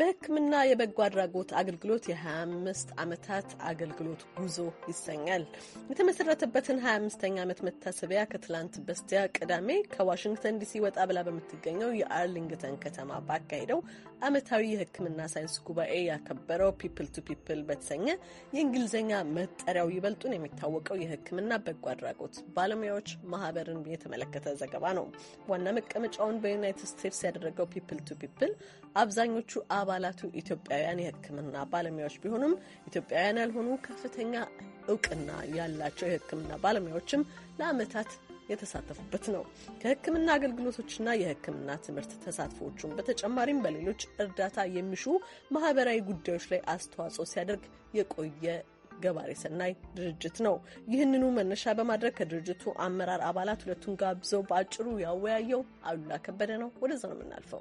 በሕክምና የበጎ አድራጎት አገልግሎት የ25 ዓመታት አገልግሎት ጉዞ ይሰኛል። የተመሰረተበትን 25ኛ ዓመት መታሰቢያ ከትላንት በስቲያ ቅዳሜ ከዋሽንግተን ዲሲ ወጣ ብላ በምትገኘው የአርሊንግተን ከተማ ባካሄደው ዓመታዊ የሕክምና ሳይንስ ጉባኤ ያከበረው ፒፕል ቱ ፒፕል በተሰኘ የእንግሊዝኛ መጠሪያው ይበልጡን የሚታወቀው የሕክምና በጎ አድራጎት ባለሙያዎች ማህበርን የተመለከተ ዘገባ ነው። ዋና መቀመጫውን በዩናይትድ ስቴትስ ያደረገው ፒፕል ቱ ፒፕል አብዛኞቹ አባላቱ ኢትዮጵያውያን የሕክምና ባለሙያዎች ቢሆኑም ኢትዮጵያውያን ያልሆኑ ከፍተኛ እውቅና ያላቸው የሕክምና ባለሙያዎችም ለአመታት የተሳተፉበት ነው። ከህክምና አገልግሎቶችና የህክምና ትምህርት ተሳትፎዎቹን በተጨማሪም በሌሎች እርዳታ የሚሹ ማህበራዊ ጉዳዮች ላይ አስተዋጽኦ ሲያደርግ የቆየ ገባሬ ሰናይ ድርጅት ነው። ይህንኑ መነሻ በማድረግ ከድርጅቱ አመራር አባላት ሁለቱን ጋብዘው በአጭሩ ያወያየው አሉላ ከበደ ነው። ወደዛ ነው የምናልፈው።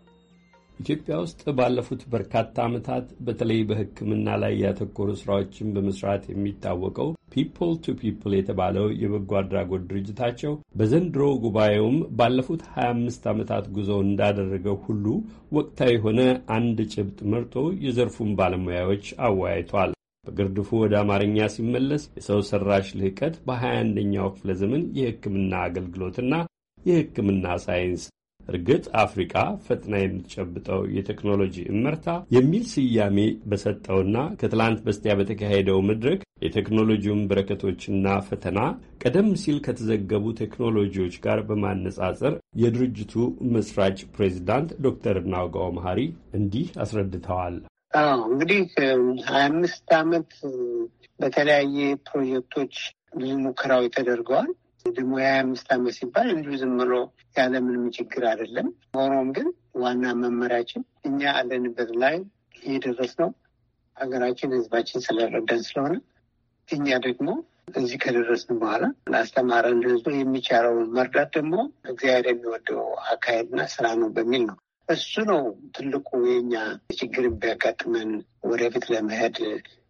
ኢትዮጵያ ውስጥ ባለፉት በርካታ ዓመታት በተለይ በሕክምና ላይ ያተኮሩ ስራዎችን በመስራት የሚታወቀው ፒፕል ቱ ፒፕል የተባለው የበጎ አድራጎት ድርጅታቸው በዘንድሮ ጉባኤውም ባለፉት 25 ዓመታት ጉዞ እንዳደረገው ሁሉ ወቅታዊ የሆነ አንድ ጭብጥ መርጦ የዘርፉን ባለሙያዎች አወያይቷል። በግርድፉ ወደ አማርኛ ሲመለስ የሰው ሰራሽ ልህቀት በ21ኛው ክፍለ ዘመን የሕክምና አገልግሎትና የሕክምና ሳይንስ እርግጥ አፍሪቃ ፈጥና የምትጨብጠው የቴክኖሎጂ እመርታ የሚል ስያሜ በሰጠውና ከትላንት በስቲያ በተካሄደው መድረክ የቴክኖሎጂውን በረከቶችና ፈተና ቀደም ሲል ከተዘገቡ ቴክኖሎጂዎች ጋር በማነጻጸር የድርጅቱ መስራች ፕሬዚዳንት ዶክተር ናውጋው መሀሪ እንዲህ አስረድተዋል። እንግዲህ ሀያ አምስት ዓመት በተለያየ ፕሮጀክቶች ብዙ ሙከራዊ ተደርገዋል። ደግሞ የሀያ አምስት ዓመት ሲባል እንዲሁ ዝም ብሎ ምንም ችግር አይደለም። ሆኖም ግን ዋና መመሪያችን እኛ አለንበት ላይ ነው ሀገራችን ህዝባችን ስለረዳን ስለሆነ እኛ ደግሞ እዚህ ከደረስን በኋላ ለአስተማረን ህዝቡ የሚቻለውን መርዳት ደግሞ እግዚአብሔር የሚወደው አካሄድና ስራ ነው በሚል ነው። እሱ ነው ትልቁ የኛ ችግር ቢያጋጥመን ወደፊት ለመሄድ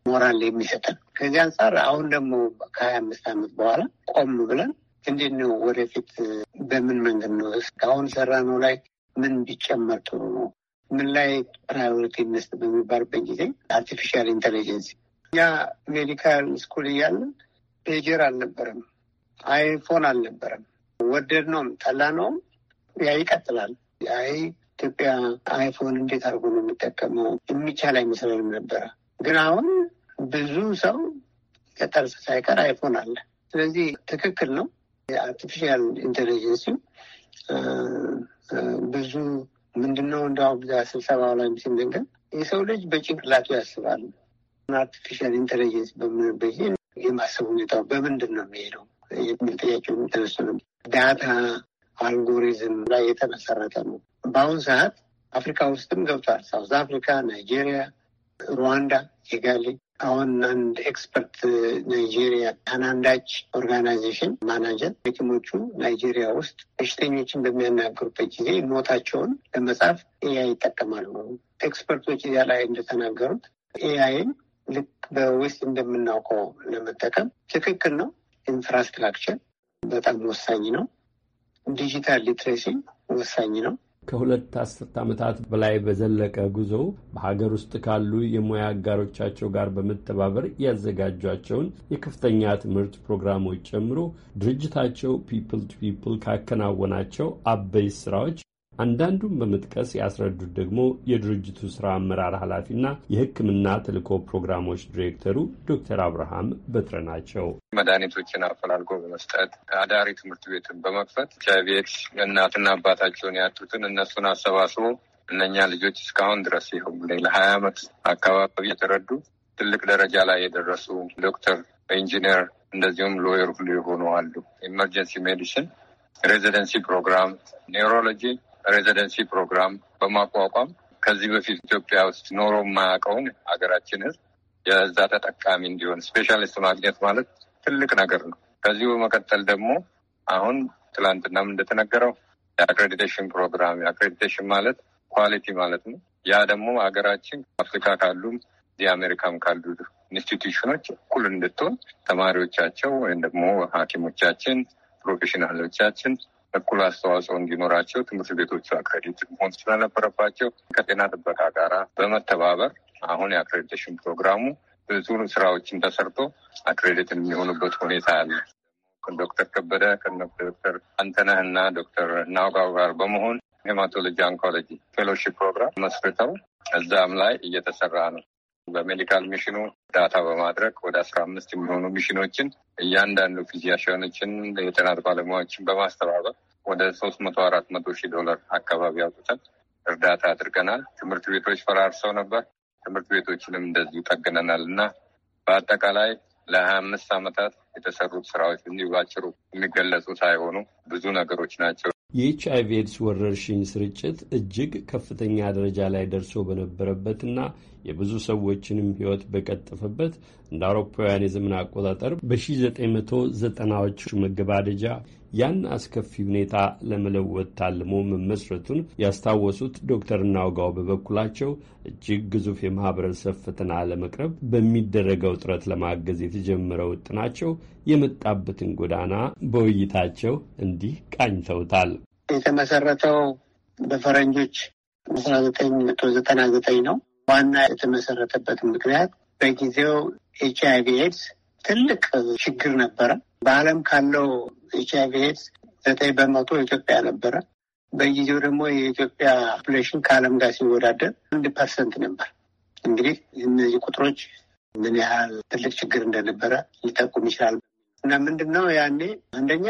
ሞራል የሚሰጠን። ከዚህ አንጻር አሁን ደግሞ ከሀያ አምስት ዓመት በኋላ ቆም ብለን እንዴት ነው ወደፊት በምን መንገድ ነው እስካሁን ሰራ ነው ላይ ምን ቢጨመር ጥሩ ነው? ምን ላይ ፕራዮሪቲ ነስ በሚባልበት ጊዜ አርቲፊሻል ኢንቴሊጀንስ እኛ ሜዲካል ስኩል እያለን ፔጀር አልነበረም፣ አይፎን አልነበረም። ወደድ ነውም ጠላ ነውም ያ ይቀጥላል። አይ ኢትዮጵያ አይፎን እንዴት አድርጎ ነው የሚጠቀመው የሚቻል አይመስለንም ነበረ። ግን አሁን ብዙ ሰው ከጠርስ ሳይቀር አይፎን አለ። ስለዚህ ትክክል ነው። የአርቲፊሻል ኢንቴሊጀንስም ብዙ ምንድነው እንደውም ብዛ ስብሰባ ላይ ሲነገር የሰው ልጅ በጭንቅላቱ ያስባል። አርቲፊሻል ኢንቴሊጀንስ በምንበት የማሰብ ሁኔታው በምንድን ነው የሚሄደው የሚል ጥያቄ የሚተነሱ ነው። ዳታ አልጎሪዝም ላይ የተመሰረተ ነው። በአሁኑ ሰዓት አፍሪካ ውስጥም ገብቷል። ሳውዝ አፍሪካ፣ ናይጄሪያ፣ ሩዋንዳ፣ ኪጋሊ አሁን አንድ ኤክስፐርት ናይጄሪያ አናንዳች ኦርጋናይዜሽን ማናጀር ሐኪሞቹ ናይጄሪያ ውስጥ በሽተኞችን በሚያናግሩበት ጊዜ ኖታቸውን ለመጻፍ ኤአይ ይጠቀማሉ። ኤክስፐርቶች እዚያ ላይ እንደተናገሩት ኤአይን ልክ በውስጥ እንደምናውቀው ለመጠቀም ትክክል ነው። ኢንፍራስትራክቸር በጣም ወሳኝ ነው። ዲጂታል ሊትሬሲ ወሳኝ ነው። ከሁለት አስርት ዓመታት በላይ በዘለቀ ጉዞ በሀገር ውስጥ ካሉ የሙያ አጋሮቻቸው ጋር በመተባበር ያዘጋጇቸውን የከፍተኛ ትምህርት ፕሮግራሞች ጨምሮ ድርጅታቸው ፒፕል ቱ ፒፕል ካከናወናቸው አበይ ስራዎች አንዳንዱን በመጥቀስ ያስረዱት ደግሞ የድርጅቱ ስራ አመራር ኃላፊና የሕክምና ተልእኮ ፕሮግራሞች ዲሬክተሩ ዶክተር አብርሃም በትረ ናቸው። መድኃኒቶችን አፈላልጎ በመስጠት አዳሪ ትምህርት ቤትን በመክፈት ከቤት እናትና አባታቸውን ያጡትን እነሱን አሰባስቦ እነኛ ልጆች እስካሁን ድረስ ይኸው ለሀያ ዓመት አካባቢ የተረዱ ትልቅ ደረጃ ላይ የደረሱ ዶክተር፣ ኢንጂነር እንደዚሁም ሎየር ሁሉ የሆኑ አሉ። ኢመርጀንሲ ሜዲሲን፣ ሬዚደንሲ ፕሮግራም፣ ኒውሮሎጂ ሬዚደንሲ ፕሮግራም በማቋቋም ከዚህ በፊት ኢትዮጵያ ውስጥ ኖሮ የማያውቀውን ሀገራችን ሕዝብ የዛ ተጠቃሚ እንዲሆን ስፔሻሊስት ማግኘት ማለት ትልቅ ነገር ነው። ከዚሁ በመቀጠል ደግሞ አሁን ትላንትናም እንደተነገረው የአክሬዲቴሽን ፕሮግራም የአክሬዲቴሽን ማለት ኳሊቲ ማለት ነው። ያ ደግሞ ሀገራችን አፍሪካ ካሉም እዚህ አሜሪካም ካሉ ኢንስቲትዩሽኖች እኩል እንድትሆን ተማሪዎቻቸው ወይም ደግሞ ሐኪሞቻችን ፕሮፌሽናሎቻችን እኩል አስተዋጽኦ እንዲኖራቸው ትምህርት ቤቶቹ አክሬዲት መሆን ስለነበረባቸው ከጤና ጥበቃ ጋራ በመተባበር አሁን የአክሬዲቴሽን ፕሮግራሙ ብዙ ስራዎችን ተሰርቶ አክሬዲት የሚሆኑበት ሁኔታ አለ። ዶክተር ከበደ ከዶክተር አንተነህ እና ዶክተር ናውጋው ጋር በመሆን ሄማቶሎጂ አንኮሎጂ ፌሎሺፕ ፕሮግራም መስርተው እዛም ላይ እየተሰራ ነው። በሜዲካል ሚሽኑ ዳታ በማድረግ ወደ አስራ አምስት የሚሆኑ ሚሽኖችን እያንዳንዱ ፊዚሽያኖችን የጥናት ባለሙያዎችን በማስተባበር ወደ ሶስት መቶ አራት መቶ ሺህ ዶላር አካባቢ አውጥተን እርዳታ አድርገናል። ትምህርት ቤቶች ፈራርሰው ነበር። ትምህርት ቤቶችንም እንደዚሁ ጠግነናል እና በአጠቃላይ ለሀያ አምስት ዓመታት የተሰሩት ስራዎች እንዲሁ ባጭሩ የሚገለጹ ሳይሆኑ ብዙ ነገሮች ናቸው። የኤች አይቪ ኤድስ ወረርሽኝ ስርጭት እጅግ ከፍተኛ ደረጃ ላይ ደርሶ በነበረበትና የብዙ ሰዎችንም ሕይወት በቀጠፈበት እንደ አውሮፓውያን የዘመን አቆጣጠር በ1990ዎቹ መገባደጃ ያን አስከፊ ሁኔታ ለመለወጥ ታልሞ መመስረቱን ያስታወሱት ዶክተር ናውጋው በበኩላቸው እጅግ ግዙፍ የማህበረሰብ ፈተና ለመቅረብ በሚደረገው ጥረት ለማገዝ የተጀመረው ጥናቸው የመጣበትን ጎዳና በውይይታቸው እንዲህ ቃኝተውታል። የተመሰረተው በፈረንጆች አስራ ዘጠኝ መቶ ዘጠና ዘጠኝ ነው። ዋና የተመሰረተበት ምክንያት በጊዜው ኤች አይቪ ኤድስ ትልቅ ችግር ነበረ። በዓለም ካለው ኤች አይቪ ኤድስ ዘጠኝ በመቶ ኢትዮጵያ ነበረ። በጊዜው ደግሞ የኢትዮጵያ ፖፕሌሽን ከዓለም ጋር ሲወዳደር አንድ ፐርሰንት ነበር። እንግዲህ እነዚህ ቁጥሮች ምን ያህል ትልቅ ችግር እንደነበረ ሊጠቁም ይችላል። እና ምንድን ነው ያኔ አንደኛ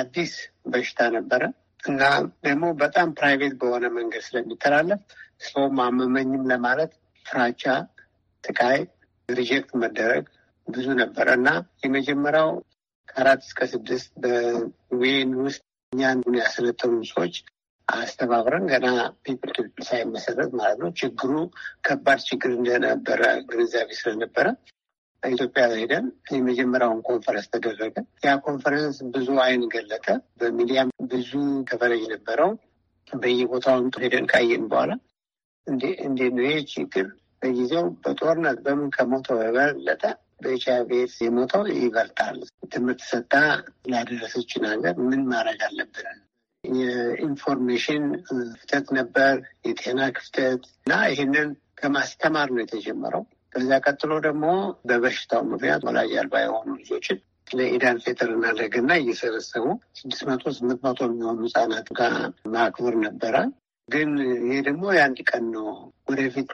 አዲስ በሽታ ነበረ እና ደግሞ በጣም ፕራይቬት በሆነ መንገድ ስለሚተላለፍ ሰው አመመኝም ለማለት ፍራቻ፣ ጥቃይ፣ ሪጀክት መደረግ ብዙ ነበረ እና የመጀመሪያው ከአራት እስከ ስድስት በዌን ውስጥ እኛን ያሰለጠኑ ሰዎች አስተባብረን ገና ፒፕል ቱ ፒፕል ሳይመሰረት ማለት ነው። ችግሩ ከባድ ችግር እንደነበረ ግንዛቤ ስለነበረ ኢትዮጵያ ሄደን የመጀመሪያውን ኮንፈረንስ ተደረገ። ያ ኮንፈረንስ ብዙ አይን ገለጠ። በሚዲያም ብዙ ከበሬጅ ነበረው። በየቦታውን ሄደን ካየን በኋላ እንዴት ነው ይህ ችግር በጊዜው በጦርነት በምን ከሞተው የበለጠ በኤች አይ ቪ ኤድስ የሞተው ይበልጣል። ትምህርት ሰጣ ላደረሰችን ሀገር ምን ማድረግ አለብን? የኢንፎርሜሽን ክፍተት ነበር፣ የጤና ክፍተት እና ይህንን ከማስተማር ነው የተጀመረው። ከዚያ ቀጥሎ ደግሞ በበሽታው ምክንያት ወላጅ አልባ የሆኑ ልጆችን ለኢዳን ፌተር እና ለገና እየሰበሰቡ ስድስት መቶ ስምንት መቶ የሚሆኑ ህጻናት ጋር ማክበር ነበረ። ግን ይሄ ደግሞ የአንድ ቀን ነው። ወደፊት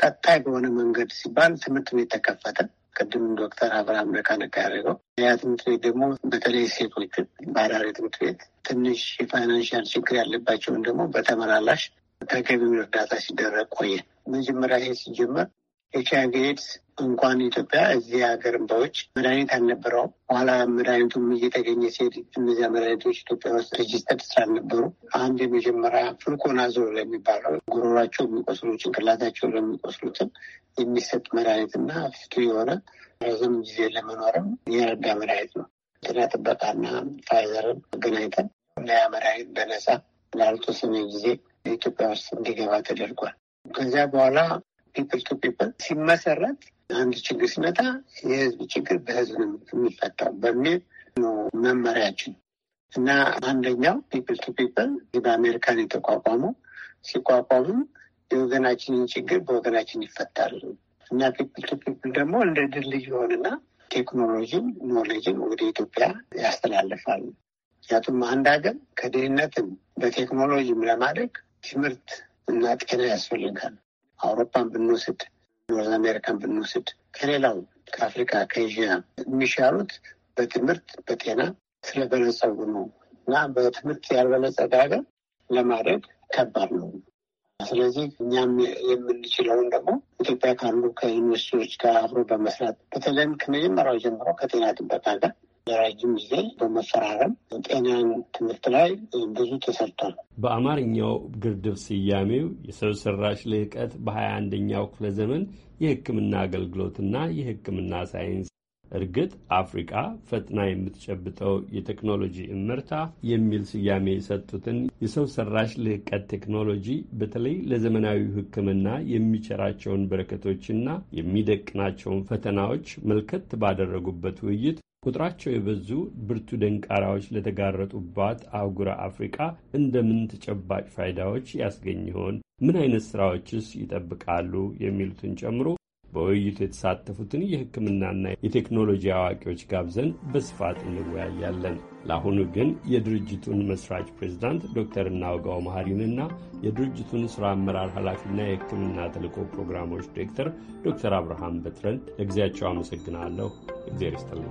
ቀጣይ በሆነ መንገድ ሲባል ትምህርት ቤት ተከፈተ። ቅድም ዶክተር አብርሃም ነቃነቃ ያደረገው ያ ትምህርት ቤት ደግሞ በተለይ ሴቶችን ባህዳሪ ትምህርት ቤት ትንሽ የፋይናንሻል ችግር ያለባቸውን ደግሞ በተመላላሽ ተገቢውን እርዳታ ሲደረግ ቆየ። መጀመሪያ ይሄ ሲጀመር ኤች ኤድስ እንኳን ኢትዮጵያ እዚህ ሀገር በውጭ መድኃኒት አልነበረውም። በኋላ መድኃኒቱም እየተገኘ ሲሄድ እነዚያ መድኃኒቶች ኢትዮጵያ ውስጥ ሬጂስተር ስላልነበሩ አንድ የመጀመሪያ ፍልኮናዞል ለሚባለው ጉሮሯቸው የሚቆስሉ ጭንቅላታቸው ለሚቆስሉትም የሚሰጥ መድኃኒት እና ፍቱ የሆነ ረዘም ጊዜ ለመኖርም የረዳ መድኃኒት ነው። ጤና ጥበቃና ፋይዘርን አገናኝተን ለያ መድኃኒት በነጻ ላልተወሰነ ጊዜ ኢትዮጵያ ውስጥ እንዲገባ ተደርጓል። ከዚያ በኋላ ፒፕል ቱ ፒፕል ሲመሰረት አንድ ችግር ሲመጣ የህዝብ ችግር በህዝብ የሚፈታው በሚል ነው መመሪያችን እና አንደኛው ፒፕል ቱ ፒፕል በአሜሪካን የተቋቋሙ ሲቋቋሙ የወገናችንን ችግር በወገናችን ይፈታል እና ፒፕል ቱ ፒፕል ደግሞ እንደ ድልድይ ይሆንና ቴክኖሎጂን ኖሌጅን ወደ ኢትዮጵያ ያስተላልፋል። ምክንያቱም አንድ ሀገር ከድህነትም በቴክኖሎጂም ለማድረግ ትምህርት እና ጤና ያስፈልጋል። አውሮፓን ብንወስድ ኖርዝ አሜሪካን ብንወስድ ከሌላው ከአፍሪካ ከኤዥያ የሚሻሉት በትምህርት በጤና ስለበለጸጉ ነው። እና በትምህርት ያልበለጸገ ሀገር ለማድረግ ከባድ ነው። ስለዚህ እኛም የምንችለውን ደግሞ ኢትዮጵያ ካሉ ከዩኒቨርሲቲዎች ጋር አብሮ በመስራት በተለይም ከመጀመሪያው ጀምሮ ከጤና ጥበቃ ጋር ለረጅም ጊዜ በመፈራረም ጤናን ትምህርት ላይ ብዙ ተሰርቷል። በአማርኛው ግርድፍ ስያሜው የሰው ሰራሽ ልህቀት በሀያ አንደኛው ክፍለ ዘመን የሕክምና አገልግሎትና የሕክምና ሳይንስ እርግጥ አፍሪቃ ፈጥና የምትጨብጠው የቴክኖሎጂ እምርታ የሚል ስያሜ የሰጡትን የሰው ሰራሽ ልህቀት ቴክኖሎጂ በተለይ ለዘመናዊ ሕክምና የሚቸራቸውን በረከቶችና የሚደቅናቸውን ፈተናዎች መልከት ባደረጉበት ውይይት ቁጥራቸው የበዙ ብርቱ ደንቃራዎች ለተጋረጡባት አህጉረ አፍሪቃ እንደምን ተጨባጭ ፋይዳዎች ያስገኝ ይሆን? ምን አይነት ስራዎችስ ይጠብቃሉ? የሚሉትን ጨምሮ በውይይቱ የተሳተፉትን የሕክምናና የቴክኖሎጂ አዋቂዎች ጋብዘን በስፋት እንወያያለን። ለአሁኑ ግን የድርጅቱን መስራች ፕሬዚዳንት ዶክተር እናውጋው መሐሪንና የድርጅቱን ሥራ አመራር ኃላፊና የሕክምና ተልዕኮ ፕሮግራሞች ዲሬክተር ዶክተር አብርሃም በትረን ለጊዜያቸው አመሰግናለሁ። እግዜር ይስጥልኝ።